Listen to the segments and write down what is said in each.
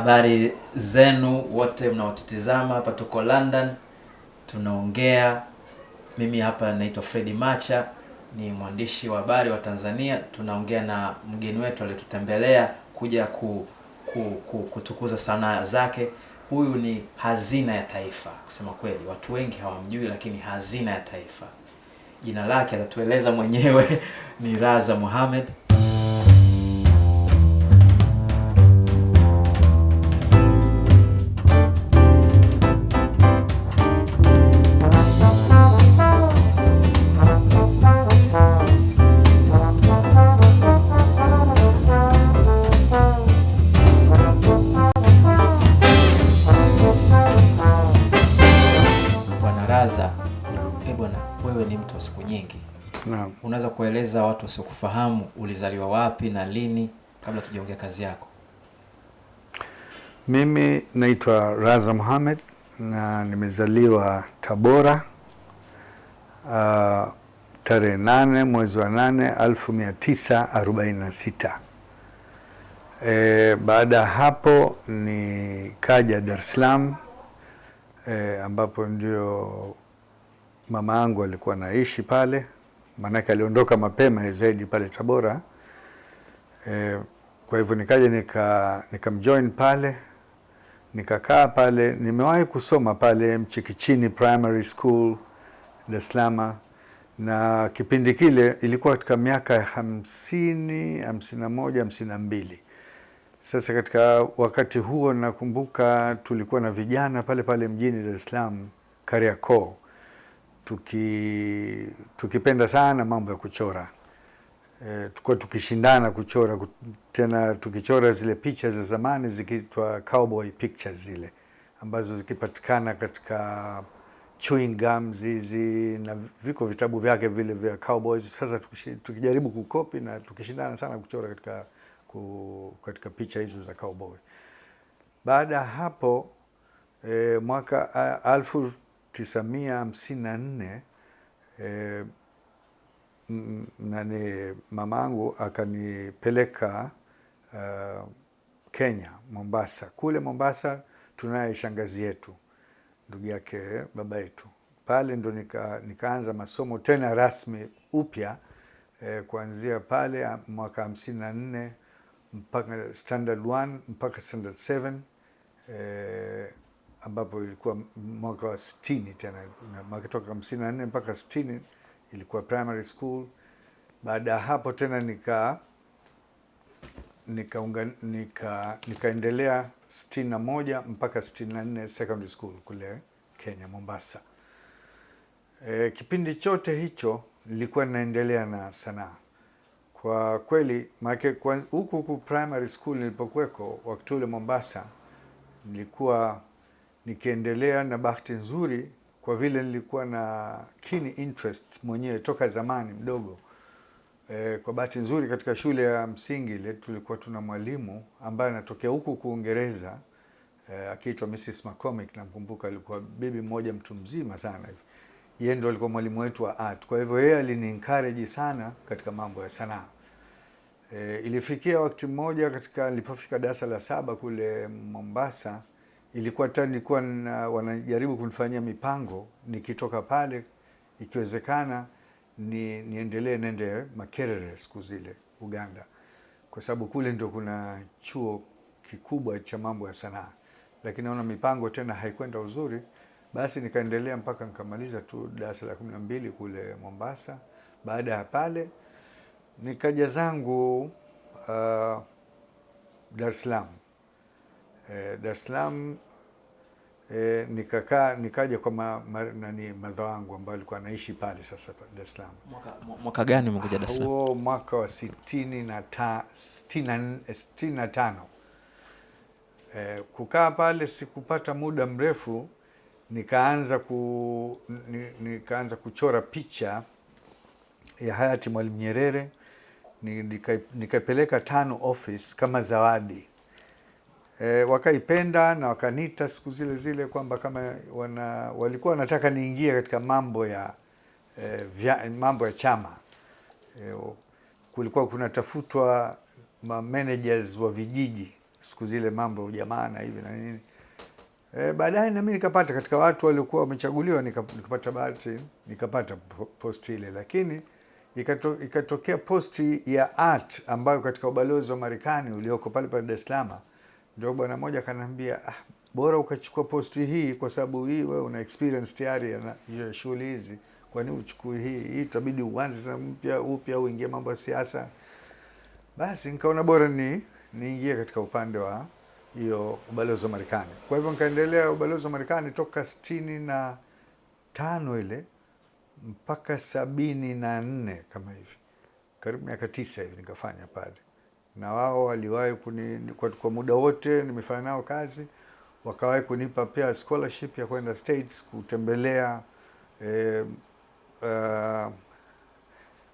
habari zenu wote mnaotutizama hapa. Tuko London tunaongea. Mimi hapa naitwa Fredi Macha, ni mwandishi wa habari wa Tanzania. Tunaongea na mgeni wetu aliyotutembelea kuja ku, ku, ku, kutukuza sanaa zake. Huyu ni hazina ya taifa. Kusema kweli, watu wengi hawamjui, lakini hazina ya taifa, jina lake atatueleza mwenyewe ni Raza Mohamed. siku nyingi. Naam. Unaweza kueleza watu wasiokufahamu ulizaliwa wapi na lini kabla tujaongea kazi yako? Mimi naitwa Raza Muhammad na nimezaliwa Tabora uh, tarehe nane mwezi wa nane elfu mia tisa arobaini na sita. E, baada ya hapo nikaja Dar es Salaam e, ambapo ndio mama yangu alikuwa naishi pale, maanake aliondoka mapema zaidi pale Tabora e, kwa hivyo nikaja nika nikamjoin pale nikakaa pale. Nimewahi kusoma pale Mchikichini Primary School Dar es Salaam, na kipindi kile ilikuwa katika miaka ya hamsini, hamsini na moja, hamsini na mbili. Sasa katika wakati huo nakumbuka tulikuwa na vijana pale pale mjini Dar es Salaam Kariakoo tuki, tukipenda sana mambo ya kuchora e, eh, tukuwa tukishindana kuchora tena tukichora zile picha za zamani zikiitwa cowboy pictures zile ambazo zikipatikana katika chewing gums hizi na viko vitabu vyake vile vya cowboys. Sasa tukijaribu kukopi na tukishindana sana kuchora katika, ku, katika picha hizo za cowboy. Baada ya hapo e, mwaka alfu 1954 eh, nani mamangu akanipeleka uh, Kenya Mombasa. Kule Mombasa tunaye shangazi yetu ndugu yake baba yetu, pale ndo nika, nikaanza masomo tena rasmi upya eh, kuanzia pale mwaka 54 mpaka standard 1 mpaka standard 7 eh, ambapo ilikuwa mwaka wa sitini tena mwaka toka hamsini na nne mpaka sitini ilikuwa primary school. Baada ya hapo tena nika nikaendelea nika, nika sitini na moja mpaka sitini na nne secondary school kule Kenya Mombasa. E, kipindi chote hicho nilikuwa ninaendelea na sanaa kwa kweli, maana huku huku primary school nilipokuweko wakati ule Mombasa nilikuwa nikiendelea na bahati nzuri, kwa vile nilikuwa na keen interest mwenyewe toka zamani mdogo e, kwa bahati nzuri katika shule ya msingi ile tulikuwa tuna mwalimu ambaye anatokea huku Kuingereza e, akiitwa Mrs McCormick, namkumbuka alikuwa bibi mmoja mtu mzima sana hivi, yeye ndo alikuwa mwalimu wetu wa art. Kwa hivyo yeye alini encourage sana katika mambo ya sanaa. E, ilifikia wakati mmoja katika nilipofika darasa la saba kule Mombasa ilikuwa ta nilikuwa wanajaribu kunifanyia mipango nikitoka pale, ikiwezekana ni, niendelee nende Makerere siku zile Uganda, kwa sababu kule ndio kuna chuo kikubwa cha mambo ya sanaa, lakini naona mipango tena haikwenda uzuri. Basi nikaendelea mpaka nikamaliza tu darasa la kumi na mbili kule Mombasa. Baada ya pale nikaja zangu uh, Dar es Salaam Eh, Dar es Salaam eh, nikakaa nikaja kwa ma, ma, nani madha wangu ambayo alikuwa anaishi pale sasa Dar es Salaam. Mwaka, mwaka gani umekuja Dar es Salaam? Huo mwaka wa sitini na ta, sitini na tano eh, kukaa pale sikupata muda mrefu nikaanza ku, nikaanza kuchora picha ya hayati Mwalimu Nyerere nikaipeleka nika Tano office kama zawadi E, wakaipenda na wakanita siku zile zile kwamba kama wana, walikuwa wanataka niingie katika mambo ya e, vya, mambo ya chama e, kulikuwa kunatafutwa ma managers wa vijiji siku zile, mambo ya ujamaa na hivi na nini e, baadaye nami nikapata katika watu waliokuwa wamechaguliwa, nikapata bahati nikapata posti ile, lakini ikato, ikatokea posti ya art ambayo katika ubalozi wa Marekani ulioko pale pale Dar es Salaam ndio bwana mmoja akaniambia, ah, bora ukachukua posti hii kwa sababu hii wewe una experience tayari hiyo shughuli hizi, nini uchukue hii hii? Itabidi uanze tena mpya upya, uingie mambo ya siasa. Basi nikaona bora ni niingie katika upande wa hiyo ubalozi wa Marekani. Kwa hivyo nikaendelea ubalozi wa Marekani toka sitini na tano ile mpaka sabini na nne kama hivi, karibu miaka tisa hivi nikafanya pale na wao waliwahi kuni, kwa, kwa muda wote nimefanya nao kazi, wakawahi kunipa pia scholarship ya kwenda States kutembelea eh, uh,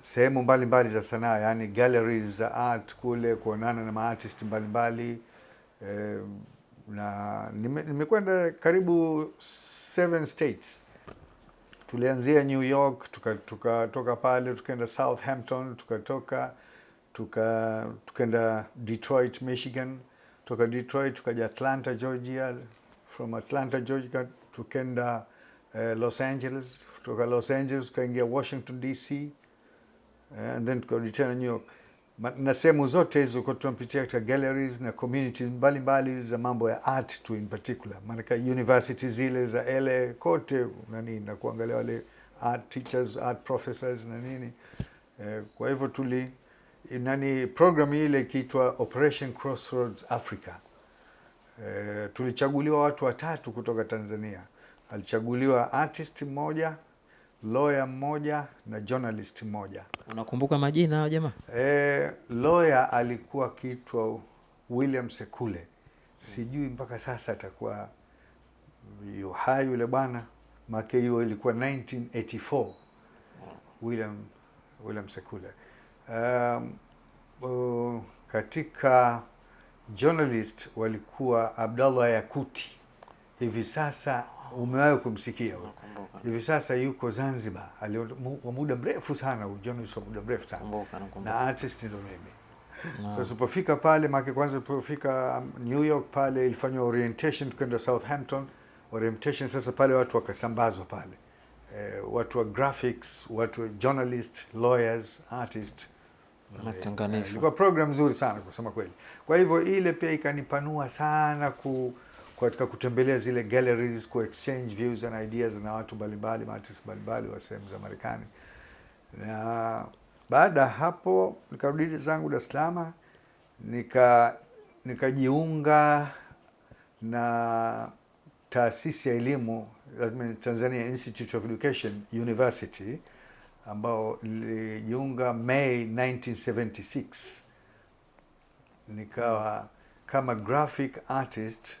sehemu mbalimbali za sanaa, yani galleries za art kule, kuonana na maartist mbalimbali eh, na nimekwenda nime karibu seven states. Tulianzia New York, tukatoka tuka, tuka pale tukaenda Southampton, tukatoka tuka tukaenda Detroit, Michigan, toka Detroit tukaja Atlanta, Georgia, from Atlanta, Georgia tukaenda uh, Los Angeles, toka Los Angeles tukaingia Washington DC, uh, eh, and then tukarudi tena New York na sehemu zote hizo kwa tunapitia katika galleries na communities mbalimbali mbali za mambo ya art tu in particular, maanake university zile za LA kote na nini na kuangalia wale art teachers, art professors na nini eh, kwa hivyo tuli Eh, nani programu ile ikiitwa Operation Crossroads Africa. E, tulichaguliwa watu watatu kutoka Tanzania. Alichaguliwa artist mmoja, lawyer mmoja na journalist mmoja. Unakumbuka majina hayo jamaa? E, lawyer alikuwa akiitwa William Sekule, sijui mpaka sasa atakuwa hai yule bwana, make hiyo ilikuwa 1984. William, William Sekule um, uh, katika journalist walikuwa Abdallah Yakuti, hivi sasa umewahi kumsikia Hivi sasa yuko Zanzibar, aliwa muda mrefu sana, journalist wa muda mrefu sana na artist ndo mimi sasa. So, ulipofika pale make kwanza ulipofika um, New York pale ilifanywa orientation, tukaenda Southampton orientation. Sasa pale watu wakasambazwa pale eh, watu wa graphics, watu wa journalist, lawyers, artist wanatenganisha. Eh, ilikuwa program nzuri sana kusema kweli. Kwa hivyo ile pia ikanipanua sana ku katika kutembelea zile galleries, ku exchange views and ideas na watu mbalimbali, artists mbalimbali wa sehemu za Marekani. Na baada ya hapo nikarudi zangu Dar es Salaam, nika nikajiunga na taasisi ya elimu Tanzania Institute of Education University ambao ilijiunga May 1976 nikawa kama graphic artist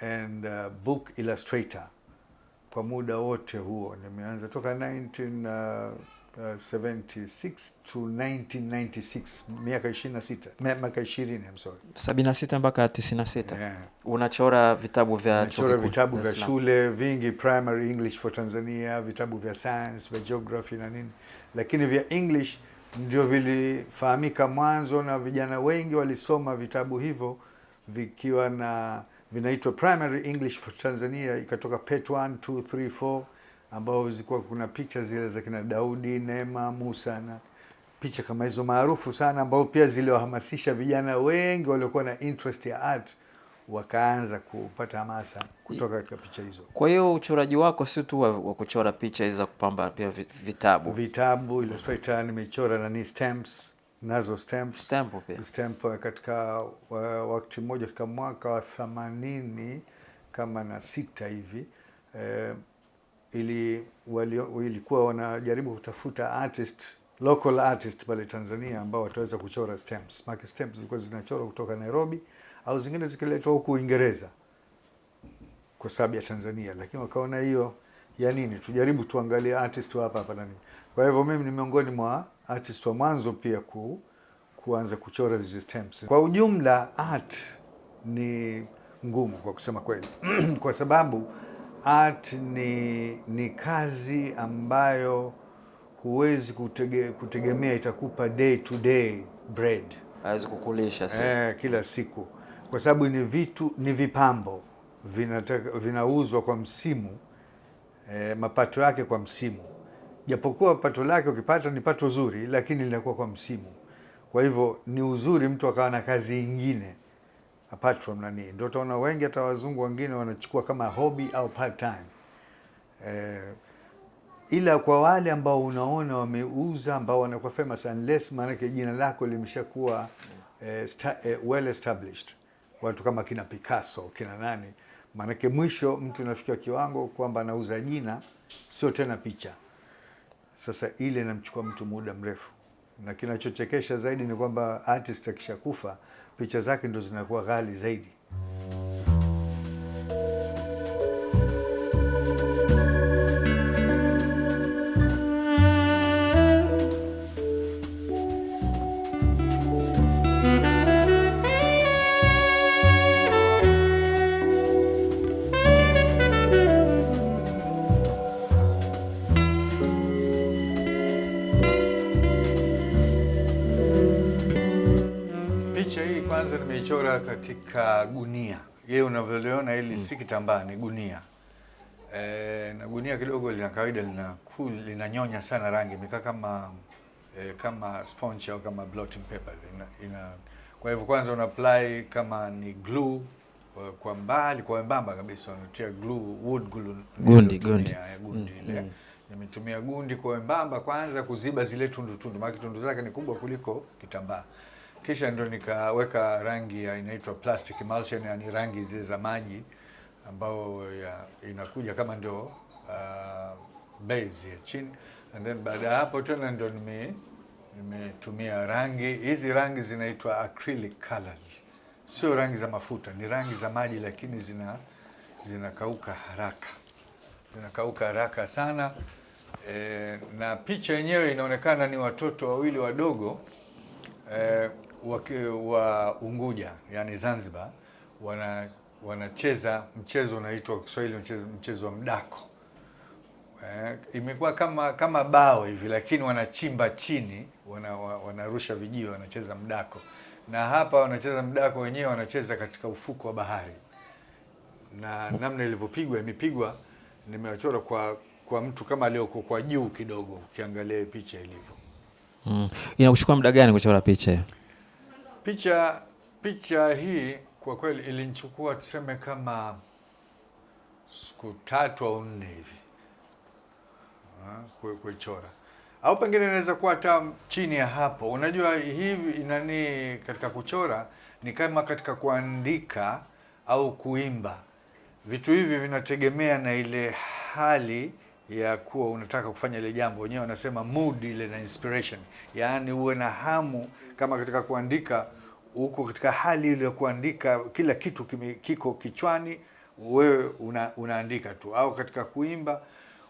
and uh, book illustrator kwa muda wote huo nimeanza toka 19 uh, Uh, miaka 26, Unachora vitabu vya vitabu vya shule vingi, primary English for Tanzania, vitabu vya science, vya geography na nini, lakini vya English ndio vilifahamika mwanzo, na vijana wengi walisoma vitabu hivyo vikiwa na vinaitwa primary English for Tanzania, ikatoka pet 1 2 3 4 ambao zilikuwa kuna picha zile za kina Daudi, Neema, Musa na picha kama hizo maarufu sana, ambao pia ziliwahamasisha vijana wengi waliokuwa na interest ya art wakaanza kupata hamasa kutoka katika picha hizo. Kwa hiyo uchoraji wako sio tu wa kuchora picha hizo za kupamba, pia vitabu, vitabu illustrator, nimechora nani stamps, nazo stamps, stamp pia stamp eh, katika eh, wakati mmoja katika mwaka wa themanini kama na sita hivi eh, ili walikuwa wanajaribu kutafuta artist local artist pale Tanzania ambao wataweza kuchora stamps. Maki stamps zilikuwa zinachorwa kutoka Nairobi au zingine zikiletwa huku Uingereza kwa sababu ya Tanzania, lakini wakaona hiyo ya nini, tujaribu tuangalie artist wa hapa hapa nani. Kwa hivyo mimi ni miongoni mwa artist wa mwanzo pia ku, kuanza kuchora hizi stamps. Kwa ujumla art ni ngumu kwa kusema kweli kwa sababu art ni, ni kazi ambayo huwezi kutege, kutegemea itakupa day to day bread, hawezi kukulisha eh, kila siku, kwa sababu ni vitu ni vipambo vinauzwa kwa msimu eh, mapato yake kwa msimu, japokuwa pato lake ukipata ni pato zuri, lakini linakuwa kwa msimu. Kwa hivyo ni uzuri mtu akawa na kazi ingine apart from nani, ndio utaona wengi hata wazungu wengine wanachukua kama hobby au part time eh, ila kwa wale ambao unaona wameuza, ambao wanakuwa famous unless, maanake jina lako limeshakuwa eh, eh, well established, watu kama kina Picasso kina nani, maanake mwisho mtu anafikia kiwango kwamba anauza jina, sio tena picha. Sasa ile inamchukua mtu muda mrefu, na kinachochekesha zaidi ni kwamba artist akishakufa picha zake ndo zinakuwa ghali zaidi. amelichora katika gunia, yeye unavyoliona hili si kitambaa, ni gunia e, na gunia kidogo lina kawaida lina cool, linanyonya sana rangi, imekaa kama e, kama sponge au kama blotting paper ina, ina kwa hivyo kwanza una apply kama ni glue e, kwa mbali kwa wembamba kabisa, unatia glue, wood glue, gundi gundi ya gundi mm, ile mm. Nimetumia gundi kwa wembamba kwanza kuziba zile tundu tundu, maana tundu zake ni kubwa kuliko kitambaa kisha ndo nikaweka rangi ya inaitwa plastic emulsion, yani rangi zile za maji ambayo inakuja kama ndio uh, base ya chini, and then baada ya hapo tena ndo nime nimetumia rangi hizi. Rangi zinaitwa acrylic colors, sio rangi za mafuta, ni rangi za maji, lakini zina zinakauka haraka, zinakauka haraka sana. E, na picha yenyewe inaonekana ni watoto wawili wadogo e, wa Unguja yani Zanzibar wana wanacheza mchezo unaitwa Kiswahili mchezo, mchezo wa mdako eh, imekuwa kama kama bao hivi, lakini wanachimba chini, wanarusha wana vijio, wanacheza mdako. Na hapa wanacheza mdako wenyewe, wanacheza katika ufuko wa bahari, na namna ilivyopigwa imepigwa, nimewachora kwa kwa mtu kama alioko kwa juu kidogo, ukiangalia picha ilivyo. Mm. Inakuchukua muda gani kuchora picha? Picha picha hii kwa kweli ilinichukua tuseme kama siku tatu au nne hivi ah, kuichora, au pengine inaweza kuwa hata chini ya hapo. Unajua hivi inani, katika kuchora ni kama katika kuandika au kuimba, vitu hivi vinategemea na ile hali ya kuwa unataka kufanya ile jambo. Wenyewe wanasema mood ile na inspiration, yaani uwe na hamu kama katika kuandika uko katika hali ile ya kuandika, kila kitu kime, kiko kichwani, wewe una, unaandika tu, au katika kuimba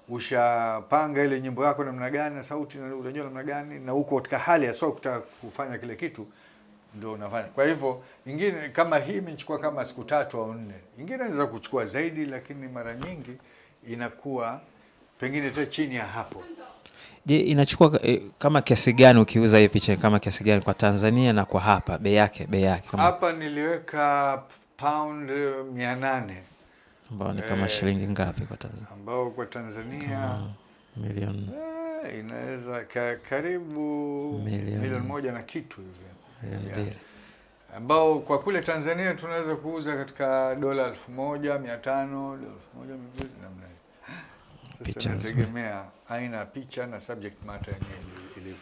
ushapanga ile nyimbo yako namna gani na sauti na unajua namna gani, na uko katika hali ya so kutaka kufanya kile kitu ndio unafanya. Kwa hivyo ingine kama hii imechukua kama siku tatu au nne, ingine inaweza kuchukua zaidi, lakini mara nyingi inakuwa pengine hata chini ya hapo. Je, inachukua eh, kama kiasi gani ukiuza hii picha kama kiasi gani kwa Tanzania na kwa hapa bei yake bei yake kama... hapa niliweka pound 800 eh, ambao ni kama e, shilingi ngapi kwa Tanzania? Ambao kwa Tanzania milioni eh, inaweza ka, karibu milioni moja na kitu hivi ambao kwa kule Tanzania tunaweza kuuza katika dola elfu moja mia tano dola elfu moja namna picha aina picha na subject matter ilivyo.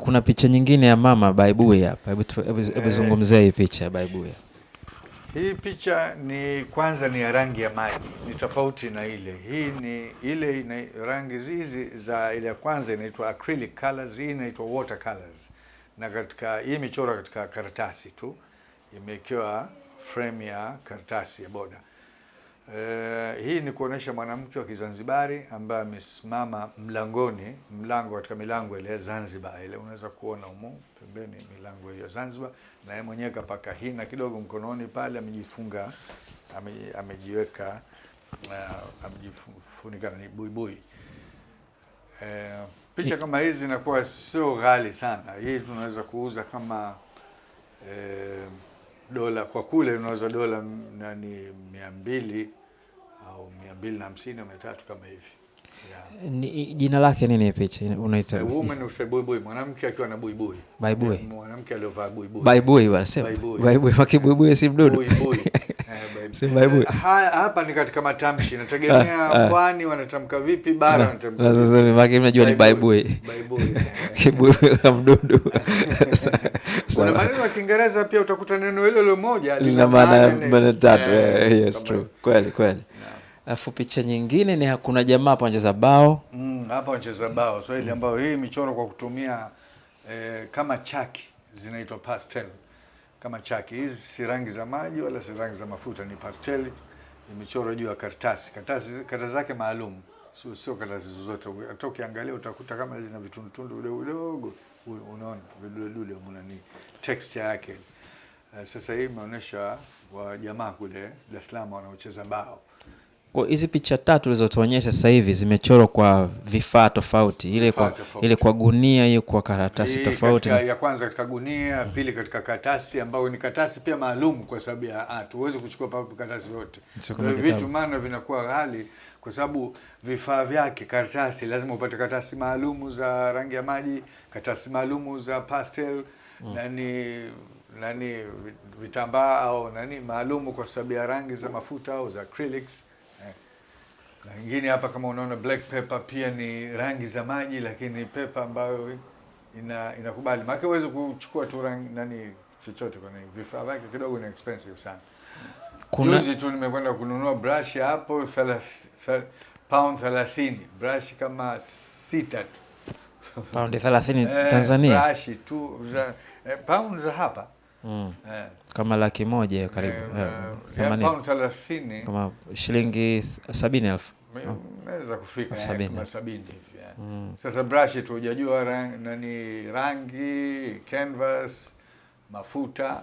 kuna picha nyingine ya mama Baibuya hapa, hebu eh. zungumzia hii picha ya Baibuya. Hii picha ni kwanza, ni ya rangi ya maji, ni tofauti na ile hii. Ni ile ina rangi zizi za ile ya kwanza inaitwa acrylic colors, hii inaitwa water colors, na katika hii michoro katika karatasi tu imewekewa frame ya karatasi ya boda. E, hii ni kuonesha mwanamke wa Kizanzibari ambaye amesimama mlangoni, mlango katika milango ile Zanzibar ile, unaweza kuona humo pembeni milango hiyo Zanzibar, na yeye mwenyewe kapaka hina kidogo mkononi pale, amejifunga amejiweka, eh, amejifunika na buibui. E, picha kama hizi inakuwa sio ghali sana, hii tunaweza kuuza kama e, dola kwa kule unauza dola nani mia mbili au mia mbili na hamsini au mia tatu kama hivi yeah. Ni, jina lake nini picha unaita woman buibui, mwanamke akiwa na buibui, baibui, mwanamke aliovaa buibui, baibui, wanasema baibui, si mdudu Eh, eh, hapa ni katika matamshi, nategemea pwani ah, ah. wanatamka vipi, bara wanatamka vipi. Maana ni baibui, baibui eh. la mdudu. Kuna maneno ya Kiingereza pia utakuta neno hilo hilo moja lina maana tatu. Yes, true, kweli kweli. Alafu picha nyingine ni hakuna jamaa hapa wanacheza bao mm, hapa wanacheza bao Swahili, ambayo hii michoro kwa kutumia kama chaki zinaitwa pastel kama chaki. Hizi si rangi za maji wala si rangi za mafuta, ni pasteli imechorwa juu ya karatasi. Karatasi kata zake maalum, sio sio karatasi zozote. Hata ukiangalia utakuta kama zina vitundutundu vidogo vidogo, unaona vidole dule, unaona ni texture yake. Sasa hii imeonyesha wa jamaa kule Dar es Salaam wanaocheza bao kwa hizi picha tatu ulizotuonyesha sasa hivi zimechorwa kwa vifaa tofauti, ile kwa, ile kwa gunia hiyo kwa karatasi hii tofauti katika, ya kwanza katika gunia ya pili katika karatasi ambayo ni karatasi pia maalum kwa sababu ya atu huwezi kuchukua papo karatasi yote vitu, maana vinakuwa ghali kwa sababu vifaa vyake, karatasi lazima upate karatasi maalumu za rangi ya maji, karatasi maalumu za pastel mm. nani nani vitambaa au nani maalumu kwa sababu ya rangi za mafuta au za acrylics na nyingine hapa kama unaona black pepper pia ni rangi za maji, lakini pepper ambayo ina inakubali, maana huwezi kuchukua tu rangi nani chochote, kwa nini vifaa vyake kidogo ni expensive sana. Kuna juzi tu nimekwenda kununua brush hapo 30 pound 30, brush kama sita tu pound 30 eh, Tanzania, brush tu za eh, pound za hapa Mm. eh. Kama laki moja karibu, eh, eh, eh pound 30 kama shilingi 70000 Ah. naweza kufika kama sabini hivi mm. Sasa brush tu hujajua nani rangi, canvas, mafuta